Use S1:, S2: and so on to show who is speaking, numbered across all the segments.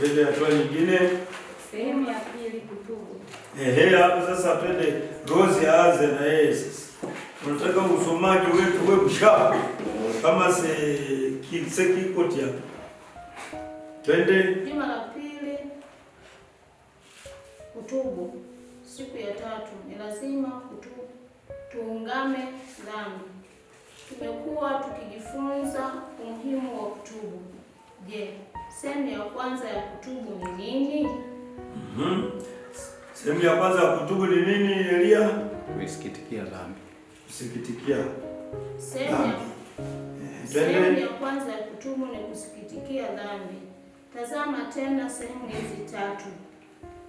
S1: Mbele hatua nyingine,
S2: sehemu ya pili kutubu.
S1: Ehe, hapo sasa twende Rose aanze na yeye sasa. Unataka usomaji wetu wewe mshapo kama se kilse kikoti hapo. Twende
S2: juma la pili kutubu. Siku ya tatu ni lazima Tuungame dhambi. Tumekuwa tukijifunza umuhimu wa kutubu. Je, Sehemu ya kwanza ya kutubu ni nini?
S1: Mhm. Mm, sehemu ya kwanza ya kutubu ni nini, Elia?
S3: Kusikitikia dhambi.
S1: Kusikitikia.
S2: Sehemu ya eh, Sehemu ya kwanza ya kutubu ni kusikitikia dhambi. Tazama tena sehemu hizi tatu.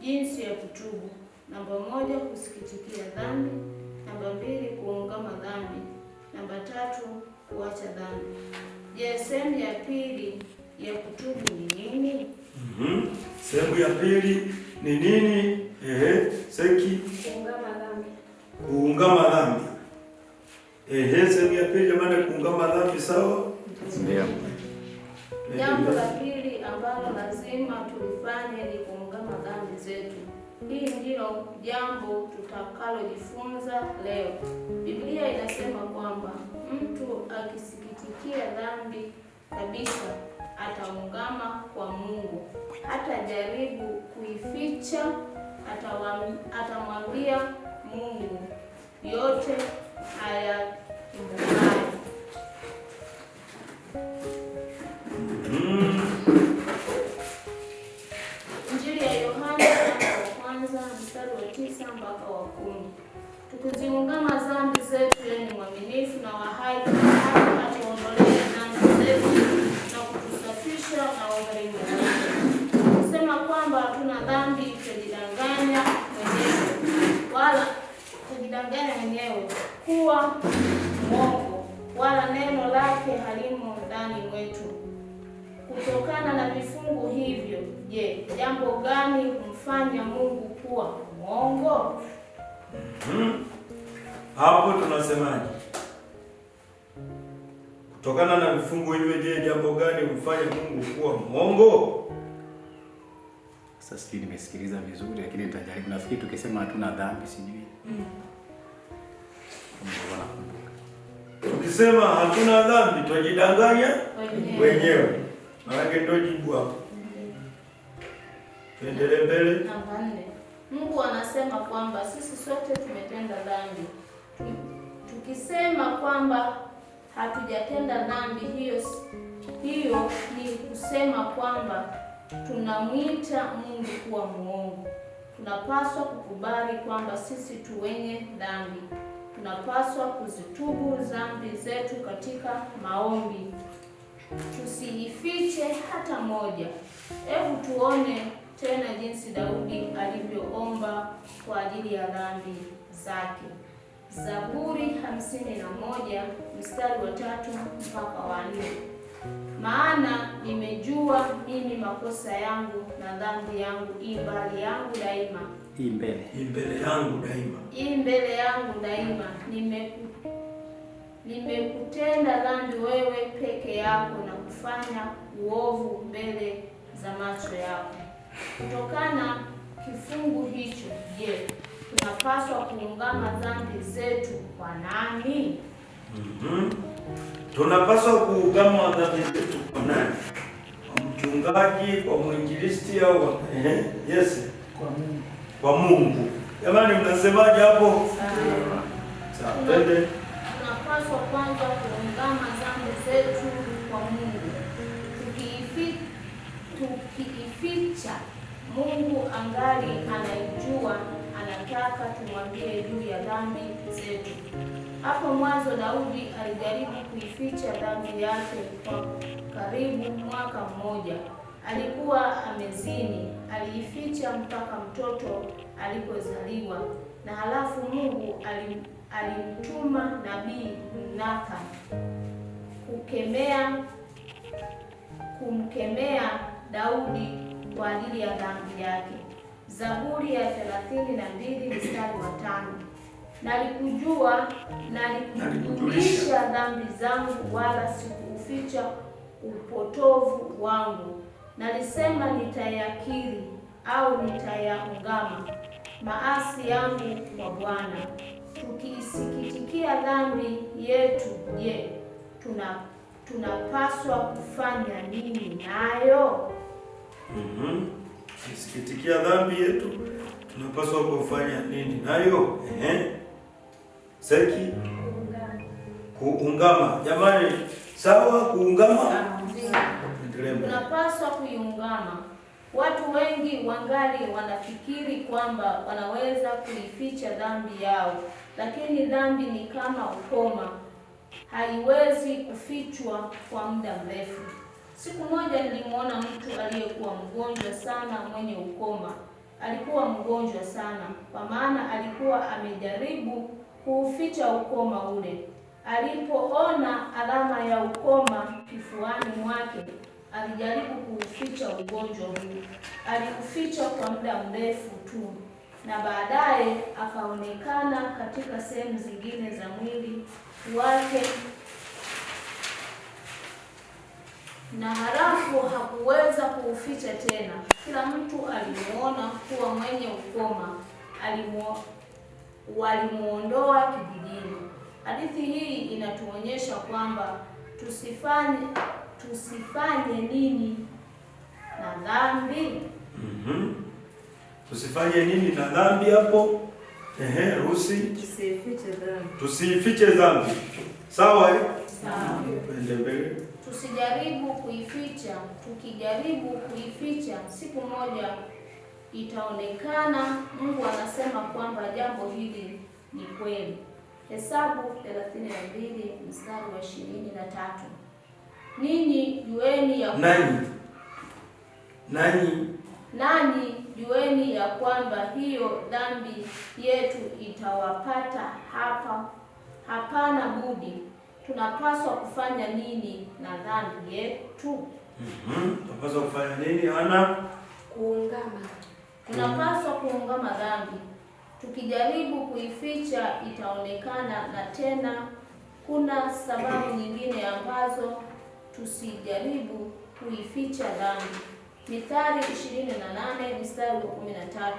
S2: Jinsi ya kutubu. Namba moja, kusikitikia dhambi. Namba mbili, kuungama dhambi. Namba tatu, kuacha dhambi. Je, sehemu ya pili ya kutubu ni nini?
S1: mm -hmm. Sehemu ya pili ni nini? Ehe, seki
S2: kuungama dhambi,
S1: kuungama dhambi. Ehe, sehemu ya pili jamani, kuungama dhambi, sawa.
S3: Ndio
S2: jambo la pili ambalo lazima tulifanye ni kuungama dhambi zetu. hii ndilo jambo tutakalojifunza leo. Biblia inasema kwamba mtu akisikitikia dhambi kabisa ataungama kwa Mungu, hatajaribu kuificha, atamwambia Mungu yote hayakumbukayo. Injili ya Yohana wa wa tisa mpaka wa kumi. Tukiziungama dhambi zetu maishani mwetu. Kutokana na vifungu hivyo, je, jambo gani humfanya Mungu kuwa mwongo?
S1: Hmm. Hapo tunasemaje? Kutokana na vifungu hivyo, je, jambo gani humfanya Mungu kuwa mwongo?
S3: Sasa sijui nimesikiliza vizuri, lakini nitajaribu. Nafikiri tukisema hatuna dhambi, sijui
S2: mm.
S1: Tukisema hatuna dhambi twajidanganya wenyewe, maanake ndio jibu hapo. Tuendelee mbele.
S2: Namba nne, Mungu anasema kwamba sisi sote tumetenda dhambi. Tukisema kwamba hatujatenda dhambi, hiyo hiyo ni kusema kwamba tunamwita Mungu kuwa mwongo. Tunapaswa kukubali kwamba sisi tu wenye dhambi tunapaswa kuzitubu dhambi zetu katika maombi, tusiifiche hata moja. Hebu tuone tena jinsi Daudi alivyoomba kwa ajili ya dhambi zake. Zaburi hamsini na moja mstari wa tatu mpaka wa nne. Maana nimejua mimi makosa yangu na dhambi yangu i mbali yangu daima
S3: hii mbele
S1: mbele yangu daima,
S2: hii mbele yangu daima. Nimeku nimekutenda dhambi wewe peke yako na kufanya uovu mbele za macho yako. Kutokana kifungu hicho, je, tunapaswa kuungama dhambi zetu kwa nani?
S1: mm -hmm. Tunapaswa kuungama dhambi zetu kwa nani? Kwa mchungaji, kwa mwinjilisti au eh, yes? Kwa Mungu kwa Mungu. Jamani, mnasemaje hapo? twende.
S2: Tunapaswa kwanza kuungama dhambi zetu kwa Mungu. Tukiificha Mungu angali anaijua, anataka tumwambie juu ya dhambi zetu. Hapo mwanzo Daudi alijaribu kuificha dhambi yake kwa karibu mwaka mmoja. Alikuwa amezini aliificha mpaka mtoto alipozaliwa, na halafu Mungu alimtuma nabii naka kukemea kumkemea Daudi kwa ajili ya dhambi yake. Zaburi ya 32 mstari wa tano nalikujua nalikujulisha dhambi zangu, wala sikuficha upotovu wangu. Nalisema nitayakiri au nitayaungama maasi yangu kwa Bwana. Tukiisikitikia dhambi yetu, je, tuna tunapaswa kufanya nini nayo?
S1: mm -hmm. dhambi yetu tunapaswa kufanya nini nayo? Eh, Seki kuungama, jamani, sawa kuungama
S2: tunapaswa kuiungama. Watu wengi wangali wanafikiri kwamba wanaweza kuificha dhambi yao, lakini dhambi ni kama ukoma, haiwezi kufichwa kwa muda mrefu. Siku moja nilimwona mtu aliyekuwa mgonjwa sana mwenye ukoma. Alikuwa mgonjwa sana kwa maana alikuwa amejaribu kuuficha ukoma ule. Alipoona alama ya ukoma kifuani mwake alijaribu kuuficha ugonjwa huu. Aliuficha kwa muda mrefu tu, na baadaye akaonekana katika sehemu zingine za mwili wake, na halafu hakuweza kuuficha tena. Kila mtu alimuona kuwa mwenye ukoma, walimuondoa kijijini. Hadithi hii inatuonyesha kwamba tusifanye tusifanye nini na dhambi?
S1: mm -hmm. Tusifanye nini na dhambi hapo? Ehe, ruhusi
S2: tusifiche dhambi,
S1: tusiifiche dhambi. Eh? Sawa, twende mbele.
S2: Tusijaribu kuificha, tukijaribu kuificha siku moja itaonekana. Mungu anasema kwamba jambo hili ni kweli. Hesabu 32 mstari wa 23. Ninyi jueni ya
S1: nani nani
S2: nani, jueni ya kwamba hiyo dhambi yetu itawapata hapa, hapana budi. Tunapaswa kufanya nini na dhambi yetu?
S1: Mm-hmm. kufanya nini ana
S2: kuungama, tunapaswa kuungama dhambi. Tukijaribu kuificha itaonekana, na tena kuna sababu nyingine ambazo tusijaribu kuificha dhambi. Mithali 28 mstari wa 13.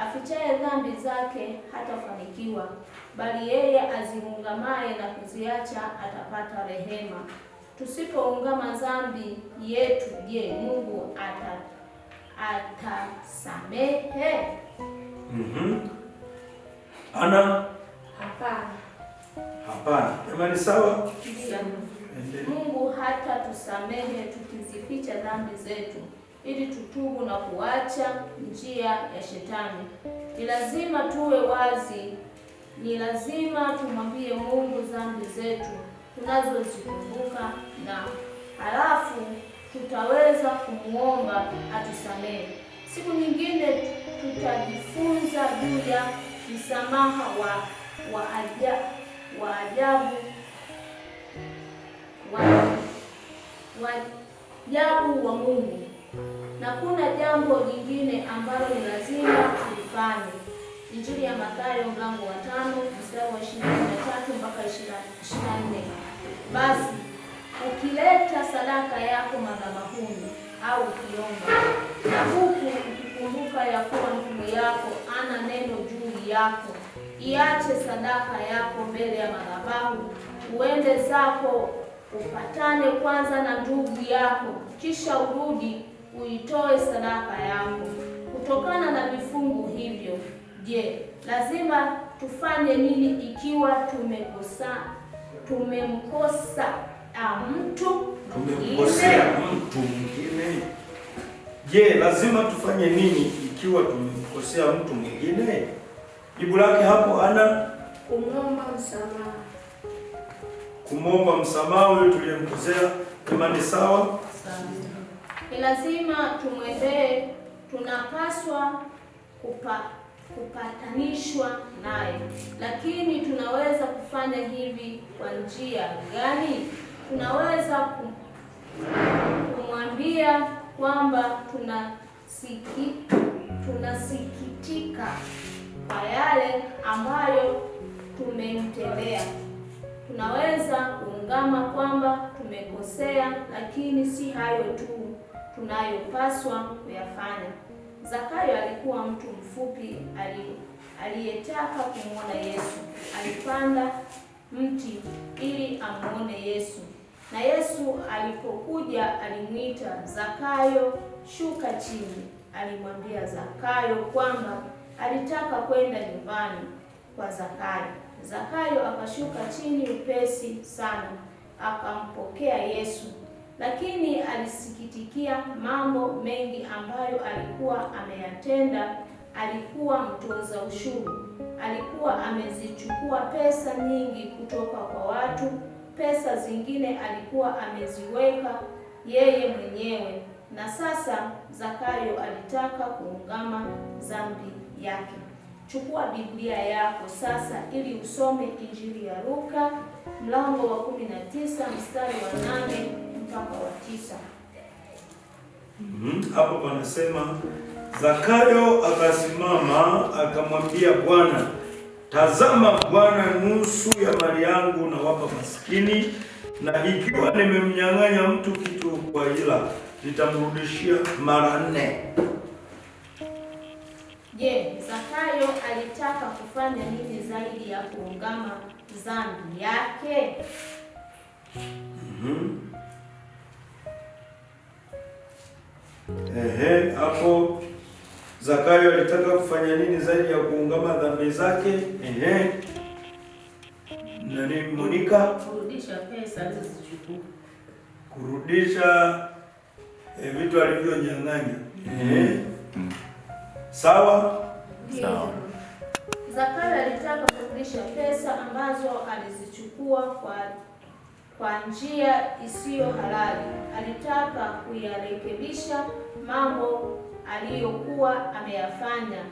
S2: Afichaye dhambi zake hatafanikiwa, bali yeye aziungamaye na kuziacha atapata rehema. Tusipoungama dhambi yetu, je, Mungu ata atasamehe?
S1: mm-hmm. Ana, hapana, hapana. Jamani, sawa.
S2: Mungu hata tusamehe tukizificha dhambi zetu, ili tutubu na kuacha njia ya Shetani. Ni lazima tuwe wazi, ni lazima tumwambie Mungu dhambi zetu tunazozikumbuka, na halafu tutaweza kumwomba atusamehe. Siku nyingine tutajifunza juu ya msamaha wa wa ajabu wajabu wa Mungu, na kuna jambo jingine ambalo ni lazima tulifanye. Injili ya Mathayo mlango wa tano mstari wa ishirini na tatu mpaka ishirini na nne basi ukileta sadaka yako madhabahuni au ukiomba na huku ukikumbuka ya kuwa ndugu yako ana neno juu yako, iache sadaka yako mbele ya madhabahu, uende zako upatane kwanza na ndugu yako, kisha urudi uitoe sadaka yako. Kutokana na vifungu hivyo, je, lazima tufanye nini ikiwa tumekosa tumemkosa ah, mtu
S1: tumemkosea mtu mwingine? Je, lazima tufanye nini ikiwa tumemkosea mtu mwingine? Jibu lake hapo ana
S2: kumwomba msamaha
S1: kumwomba msamaha huyo tuliyemkosea. ni sawa?
S2: Ni lazima tumwendee, tunapaswa kupa, kupatanishwa naye, lakini tunaweza kufanya hivi kwa njia gani? Tunaweza kumwambia kwamba tunasiki, tunasikitika kwa yale ambayo tumemtendea tunaweza kuungama kwamba tumekosea, lakini si hayo tu tunayopaswa kuyafanya. Zakayo alikuwa mtu mfupi aliyetaka kumwona Yesu. Alipanda mti ili amwone Yesu, na Yesu alipokuja alimwita Zakayo, shuka chini. Alimwambia Zakayo kwamba alitaka kwenda nyumbani kwa Zakayo. Zakayo akashuka chini upesi sana, akampokea Yesu, lakini alisikitikia mambo mengi ambayo alikuwa ameyatenda. Alikuwa mtoza ushuru, alikuwa amezichukua pesa nyingi kutoka kwa watu, pesa zingine alikuwa ameziweka yeye mwenyewe, na sasa Zakayo alitaka kuungama dhambi yake. Chukua Biblia yako sasa ili usome Injili ya Luka mlango wa 19 mstari wa 8 mpaka wa 9.
S1: Mm-hmm. Hapo panasema Zakayo akasimama akamwambia Bwana, tazama Bwana, nusu ya mali yangu nawapa maskini, na ikiwa nimemnyang'anya mtu kitu kwa hila, nitamrudishia mara nne.
S2: Je, Zakayo alitaka kufanya nini zaidi ya kuungama dhambi yake?
S1: mm -hmm. Ehe, hapo Zakayo alitaka kufanya nini zaidi ya kuungama dhambi zake? Ehe. Nani Monika?
S2: Kurudisha pesa alizozichukua.
S1: Kurudisha eh, vitu alivyonyang'anya. Ehe. Mm -hmm. Sawa?
S3: Sawa.
S2: Zakaria alitaka kurudisha pesa ambazo alizichukua kwa kwa njia isiyo halali. Alitaka kuyarekebisha mambo aliyokuwa ameyafanya.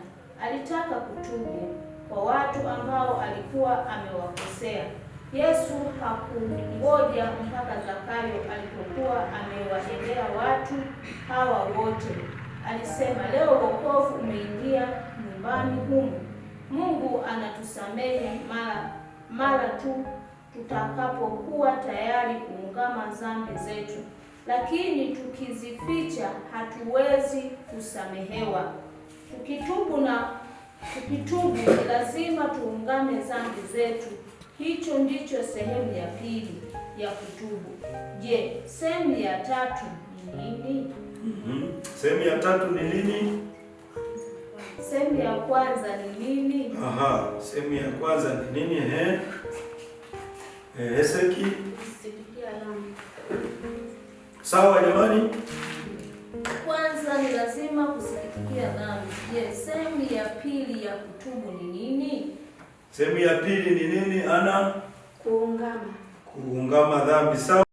S2: Alitaka kutubu kwa watu ambao alikuwa amewakosea. Yesu hakungoja mpaka Zakayo alipokuwa amewaendea watu hawa wote. Alisema leo wokovu umeingia nyumbani humu. Mungu anatusamehe mara mara tu tutakapokuwa tayari kuungama dhambi zetu, lakini tukizificha hatuwezi kusamehewa. Tukitubu na tukitubu, lazima tuungame dhambi zetu. Hicho ndicho sehemu ya pili ya kutubu. Je, sehemu ya tatu ni nini?
S1: -hmm. Sehemu ya tatu ni nini?
S2: Sehemu ya kwanza ni nini?
S1: Aha, sehemu ya kwanza ni nini? Ehe. Eh, seki. Sawa jamani?
S2: Kwanza ni lazima kusikitikia dhambi. Je, sehemu ya pili ya kutubu ni nini?
S1: Sehemu ya pili ni nini, Ana?
S2: Kuungama.
S1: Kuungama dhambi. Sawa.